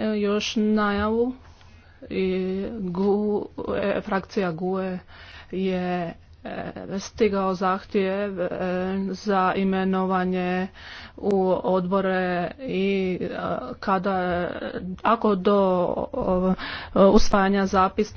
još najavu i e, frakcija GUE je e, stigao zahtjev e, za imenovanje u odbore i kada ako do usvajanja zapisnika